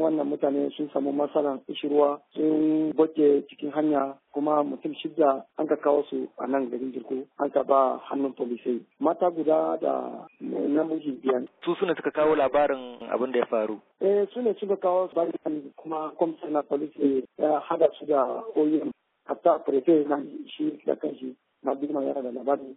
wannan mutane sun samu matsalan ishirwa sun bace cikin hanya kuma mutum shida an ka kawo su a nan garin jirko an ka ba hannun polisai mata guda da namiji biyan. su suna suka kawo labarin abin da ya faru. eh suna suka kawo labarin kuma kwamfuta na polisai ya hada su da oyin hatta prefe na shi da kanshi na duk yana da labarin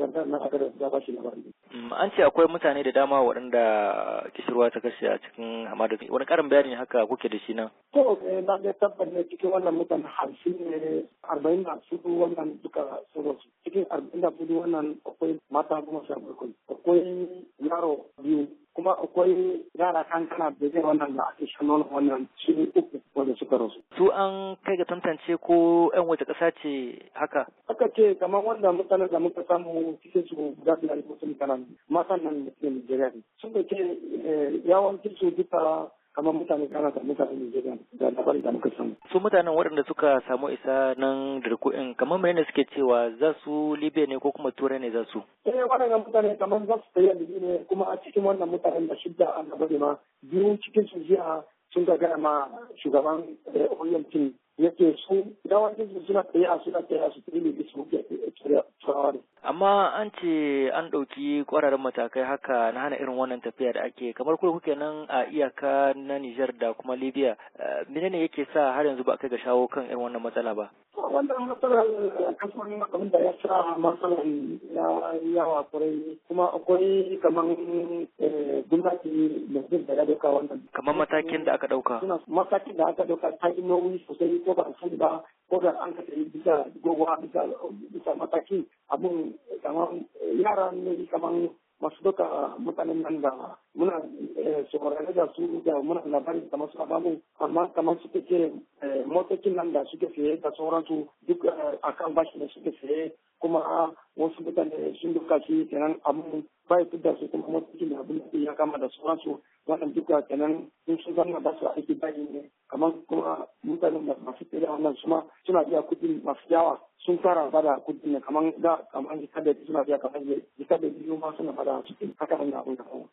zantar nan aka da su ba shi labari. Mm, an ce akwai mutane da dama waɗanda kishirwa ta kashe a cikin hamada. Wani ƙarin bayani haka kuke da shi nan? To, eh, na ga tabbata cikin wannan mutane hamsin ne arba'in da su wannan duka su. Cikin arba'in da su wannan akwai mata goma sha bakwai. Akwai yaro biyu kuma akwai yara kankana da zai wannan da ake shan nono wannan shi uku wanda suka rasu. Su an kai ga tantance ko 'yan wace ƙasa ce haka? muka ce kamar wanda mutanen da muka samu cikin su guda biyar ko sun kana matan nan da cikin Nigeria ne suka ce eh, yawancin su duka kamar mutane kana da mutane Nigeria da labarin da muka samu. Su mutanen waɗanda suka samu isa nan da riku'in kamar mene ne suke cewa za su Libya ne ko kuma Turai ne za su? Eh waɗannan mutane kamar za su tafiya Libya ne kuma a cikin wannan mutanen da shidda a gaba ma biyu cikin su jiya sun ga gaya ma shugaban eh, OMT yake yawancin suna tsaye suna tsaye su tsaye da su tsaye amma an ce an ɗauki ƙwararren matakai haka na hana irin wannan tafiya da ake kamar kuma kuke nan a iyaka na Nijar da kuma Libya eh, menene yake sa har yanzu ba kai ga shawo kan irin wannan matsala ba wannan matsalar eh, kasuwan abin da ya sa matsalar ya yawa kurai kuma akwai kamar eh, gwamnati da zai da ya dauka wannan kamar matakin da aka dauka matakin da aka dauka ta yi nauyi sosai ko ba a sani ba ko da an ka tafi bisa gogowa bisa bisa mataki abun kaman eh, yara ne kaman masu duka mutanen nan da muna eh, saurare da su da muna labarin da masu abamu amma kamar su take eh, motocin nan da suke fiye da sauransu duk akan bashi da suke fiye kuma a wasu mutane sun duka shi kenan amma ba ya fidda su kuma motocin da abin da ya kama da sauransu wannan duka kenan sun sun zama ba su aiki bayi ne kamar kuma mutanen da masu tsere wannan suma suna iya kuɗi masu yawa sun fara ba da kuɗi ne kamar da kamar jikar da suna biya kamar jikar da biyu ma suna bada cikin haka nan abin da kuma.